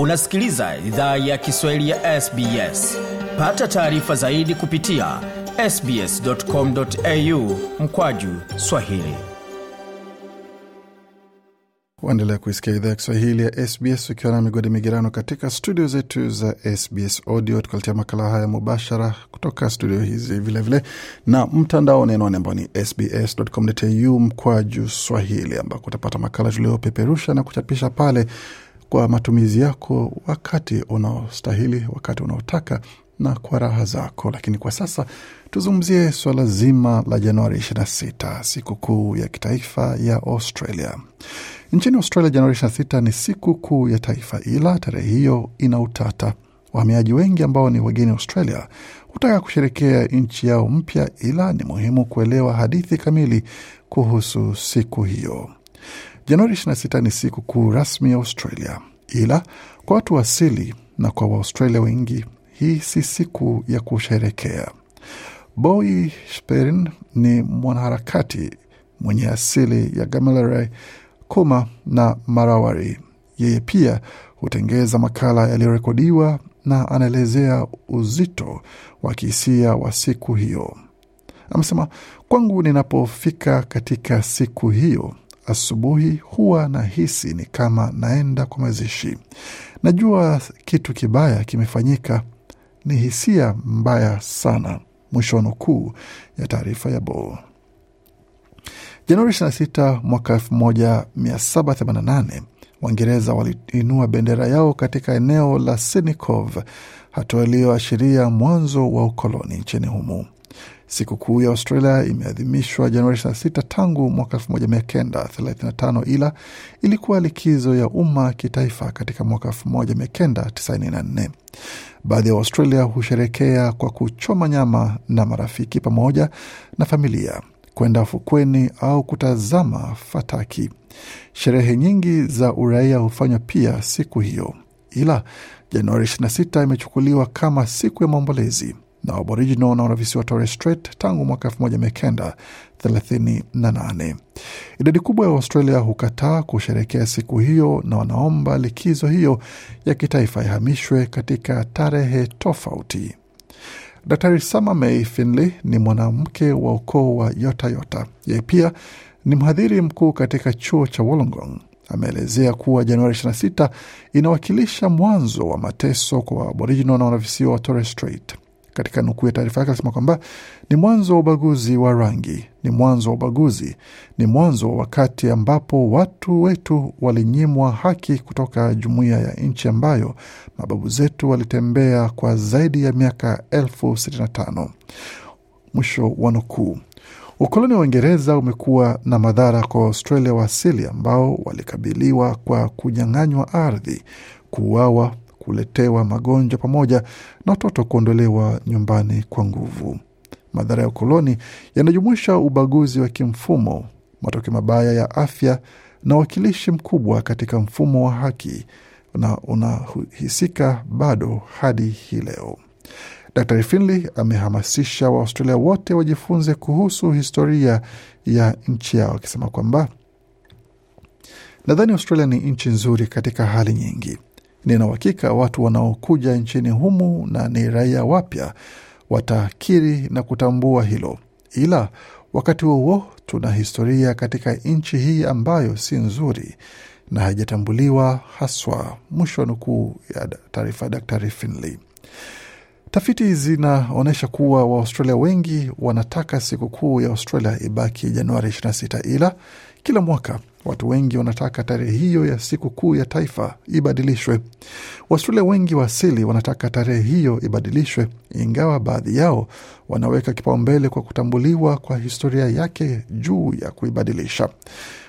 unasikiliza idhaa ya kiswahili ya sbs pata taarifa zaidi kupitia sbscomau mkwaju swahili waendelea kuisikia idhaa ya kiswahili ya sbs ukiwa na migodi migerano katika studio zetu za sbs audio tukaletia makala haya mubashara kutoka studio hizi vilevile vile, na mtandaoni anwani ambao ni sbscomau mkwaju swahili ambako utapata makala tuliopeperusha na kuchapisha pale kwa matumizi yako wakati unaostahili, wakati unaotaka na kwa raha zako. Lakini kwa sasa tuzungumzie swala zima la Januari 26, siku kuu ya kitaifa ya Australia. Nchini Australia, Januari 26 ni siku kuu ya taifa, ila tarehe hiyo ina utata. Wahamiaji wengi ambao ni wageni Australia hutaka kusherekea nchi yao mpya, ila ni muhimu kuelewa hadithi kamili kuhusu siku hiyo. Januari 26 ni siku kuu rasmi ya Australia, ila kwa watu wa asili na kwa Waaustralia wengi hii si siku ya kusherekea. boi Sperin ni mwanaharakati mwenye asili ya Gamaleray, Kuma na Marawari. Yeye pia hutengeza makala yaliyorekodiwa na anaelezea uzito wa kihisia wa siku hiyo. Amesema, kwangu ninapofika katika siku hiyo asubuhi huwa nahisi ni kama naenda kwa mazishi. Najua kitu kibaya kimefanyika, ni hisia mbaya sana. Mwisho wa nukuu ya taarifa ya bo Januari 26 mwaka 1788 Waingereza waliinua bendera yao katika eneo la Sinikov, hatua iliyoashiria mwanzo wa ukoloni nchini humo. Sikukuu ya Australia imeadhimishwa Januari 26 tangu mwaka 1935 ila ilikuwa likizo ya umma kitaifa katika mwaka 1994. Baadhi ya waustralia husherekea kwa kuchoma nyama na marafiki pamoja na familia, kwenda fukweni au kutazama fataki. Sherehe nyingi za uraia hufanywa pia siku hiyo, ila Januari 26 imechukuliwa kama siku ya maombolezi na waborijino wanaona visiwa Torres Strait tangu mwaka nane. Idadi kubwa ya Australia hukataa kusherekea siku hiyo na wanaomba likizo hiyo ya kitaifa ihamishwe katika tarehe tofauti. Daktari Sama May Finley ni mwanamke wa ukoo wa Yotayota. Yeye pia ni mhadhiri mkuu katika chuo cha Wollongong. Ameelezea kuwa Januari 26 inawakilisha mwanzo wa mateso kwa Aboriginal na wanavisiwa wa Torres Strait katika nukuu ya taarifa yake alisema kwamba ni mwanzo wa ubaguzi wa rangi, ni mwanzo wa ubaguzi, ni mwanzo wa wakati ambapo watu wetu walinyimwa haki kutoka jumuiya ya nchi ambayo mababu zetu walitembea kwa zaidi ya miaka elfu sitini na tano. Mwisho wa nukuu. Ukoloni wa Uingereza umekuwa na madhara kwa Australia wa asili ambao walikabiliwa kwa kunyang'anywa ardhi, kuuawa, kuletewa magonjwa pamoja na watoto kuondolewa nyumbani kwa nguvu. Madhara ya ukoloni yanajumuisha ubaguzi wa kimfumo, matokeo mabaya ya afya na uwakilishi mkubwa katika mfumo wa haki na unahisika bado hadi hii leo. Dr Finley amehamasisha Waaustralia wote wajifunze kuhusu historia ya nchi yao, akisema kwamba nadhani Australia ni nchi nzuri katika hali nyingi. Nina uhakika watu wanaokuja nchini humu na ni raia wapya watakiri na kutambua hilo, ila wakati huo tuna historia katika nchi hii ambayo si nzuri na haijatambuliwa haswa. Mwisho wa nukuu ya taarifa ya Daktari Finley. Tafiti zinaonyesha kuwa Waaustralia wengi wanataka sikukuu ya Australia ibaki Januari 26 ila kila mwaka watu wengi wanataka tarehe hiyo ya siku kuu ya taifa ibadilishwe. Waustralia wengi wa asili wanataka tarehe hiyo ibadilishwe, ingawa baadhi yao wanaweka kipaumbele kwa kutambuliwa kwa historia yake juu ya kuibadilisha.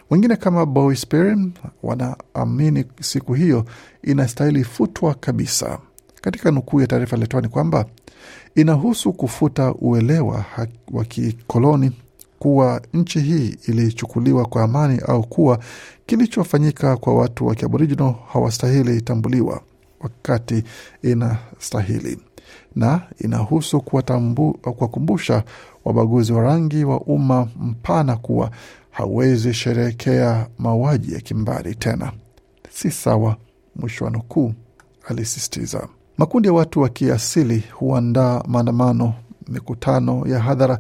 Wengine kama Bowie wanaamini siku hiyo inastahili futwa kabisa. Katika nukuu ya taarifa ni kwamba inahusu kufuta uelewa wa kikoloni kuwa nchi hii ilichukuliwa kwa amani au kuwa kilichofanyika kwa watu wa Kiaboriginal hawastahili tambuliwa wakati inastahili na inahusu kuwakumbusha wabaguzi wa rangi wa umma mpana kuwa hawezi sherehekea mauaji ya kimbari tena, si sawa, mwisho wa nukuu, alisistiza Makundi ya watu wa kiasili huandaa maandamano mikutano ya hadhara,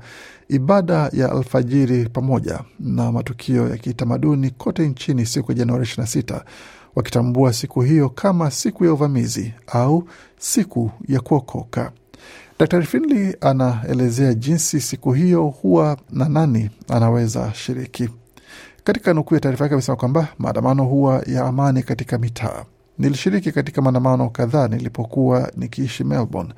ibada ya alfajiri, pamoja na matukio ya kitamaduni kote nchini siku ya Januari 26, wakitambua siku hiyo kama siku ya uvamizi au siku ya kuokoka. Dr Finley anaelezea jinsi siku hiyo huwa na nani anaweza shiriki. Katika nukuu ya taarifa yake amesema kwamba maandamano huwa ya amani katika mitaa. Nilishiriki katika maandamano kadhaa nilipokuwa nikiishi Melbourne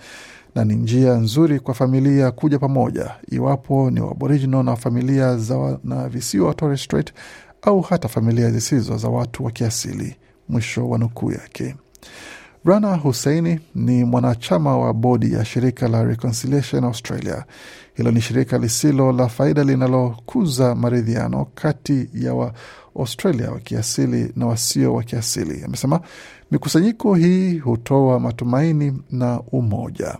na ni njia nzuri kwa familia kuja pamoja, iwapo ni Waborijino na familia za na visiwa Torres Strait au hata familia zisizo za watu wa kiasili. Mwisho wa nukuu yake. Rana Huseini ni mwanachama wa bodi ya shirika la Reconciliation Australia. Hilo ni shirika lisilo la faida linalokuza maridhiano kati ya Australia wa kiasili na wasio wa kiasili. Amesema mikusanyiko hii hutoa matumaini na umoja.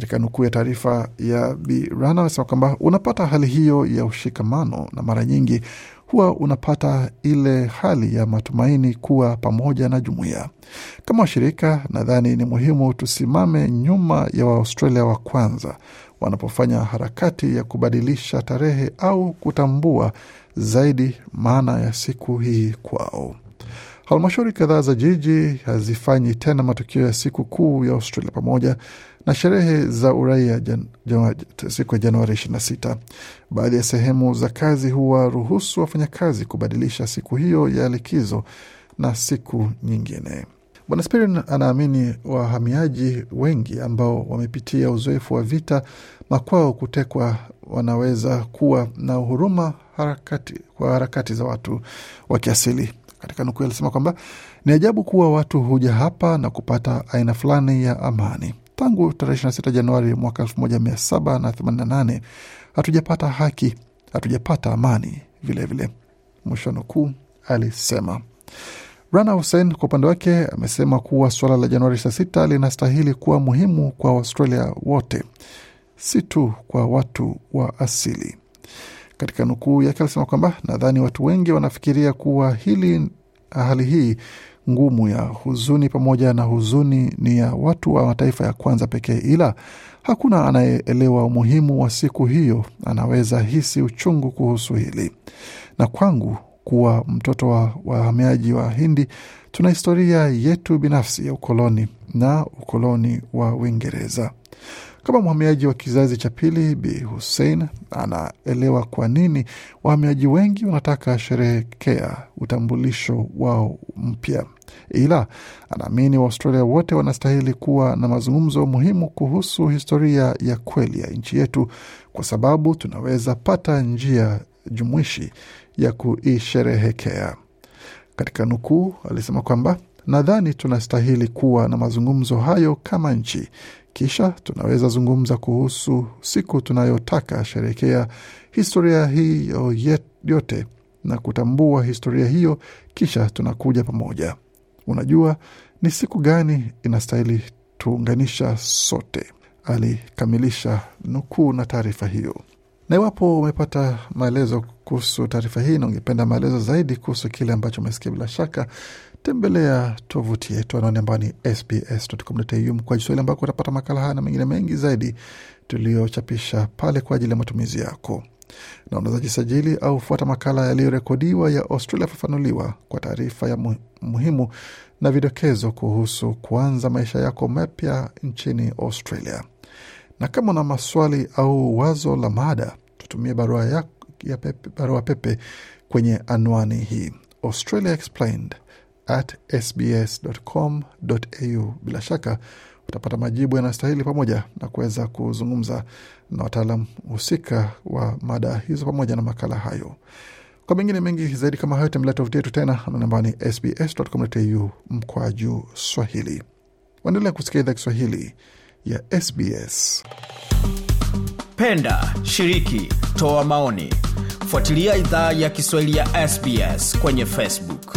Katika nukuu ya taarifa ya Bi Rana amesema kwamba unapata hali hiyo ya ushikamano na mara nyingi huwa unapata ile hali ya matumaini kuwa pamoja na jumuiya. Kama washirika, nadhani ni muhimu tusimame nyuma ya Waaustralia wa kwanza wanapofanya harakati ya kubadilisha tarehe au kutambua zaidi maana ya siku hii kwao. Halmashauri kadhaa za jiji hazifanyi tena matukio ya siku kuu ya Australia pamoja na sherehe za uraia jan, siku ya Januari 26. Baadhi ya sehemu za kazi huwaruhusu wafanyakazi kubadilisha siku hiyo ya likizo na siku nyingine. Bwana Spirin anaamini wahamiaji wengi ambao wamepitia uzoefu wa vita, makwao, kutekwa, wanaweza kuwa na huruma harakati, kwa harakati za watu wa kiasili. Katika nukuu alisema kwamba ni ajabu kuwa watu huja hapa na kupata aina fulani ya amani tangu tarehe 26 Januari mwaka 1788 hatujapata haki, hatujapata amani vilevile, mwisho nukuu, alisema. Rana Hussein kwa upande wake amesema kuwa suala la Januari 26 linastahili kuwa muhimu kwa Waustralia wote, si tu kwa watu wa asili. Katika nukuu yake alisema kwamba nadhani watu wengi wanafikiria kuwa hili hali hii ngumu ya huzuni pamoja na huzuni ni ya watu wa mataifa ya kwanza pekee, ila hakuna anayeelewa umuhimu wa siku hiyo anaweza hisi uchungu kuhusu hili. Na kwangu kuwa mtoto wa wahamiaji wa Hindi, tuna historia yetu binafsi ya ukoloni na ukoloni wa Uingereza. Kama mhamiaji wa kizazi cha pili, Bi Hussein anaelewa kwa nini wahamiaji wengi wanataka sherehekea utambulisho wao mpya, ila anaamini Waaustralia wote wanastahili kuwa na mazungumzo muhimu kuhusu historia ya kweli ya nchi yetu, kwa sababu tunaweza pata njia jumuishi ya kuisherehekea. Katika nukuu, alisema kwamba nadhani tunastahili kuwa na mazungumzo hayo kama nchi, kisha tunaweza zungumza kuhusu siku tunayotaka sherekea historia hiyo yote na kutambua historia hiyo, kisha tunakuja pamoja. Unajua ni siku gani inastahili tuunganisha sote, alikamilisha nukuu na taarifa hiyo. Na iwapo umepata maelezo kuhusu taarifa hii na ungependa maelezo zaidi kuhusu kile ambacho umesikia, bila shaka tembelea tovuti yetu anaoni ambayo ni sbs.com.au mkwaju swahili ambako utapata makala haya na mengine mengi zaidi tuliyochapisha pale kwa ajili ya matumizi yako na unaweza jisajili au fuata makala yaliyorekodiwa ya Australia Fafanuliwa kwa taarifa ya muhimu na vidokezo kuhusu kuanza maisha yako mapya nchini Australia. Na kama una maswali au wazo la mada, tutumie barua, ya, ya pepe, barua pepe kwenye anwani hii Australia Explained at sbs.com.au. Bila shaka utapata majibu yanayostahili pamoja na kuweza kuzungumza na wataalam husika wa mada hizo pamoja na makala hayo. Kwa mengine mengi zaidi kama hayo, tembelea tovuti yetu tena namba ni sbs.com.au mkwa juu swahili. Waendelea kusikia idhaa Kiswahili ya SBS. Penda, shiriki, toa maoni, fuatilia idhaa ya Kiswahili ya SBS kwenye Facebook.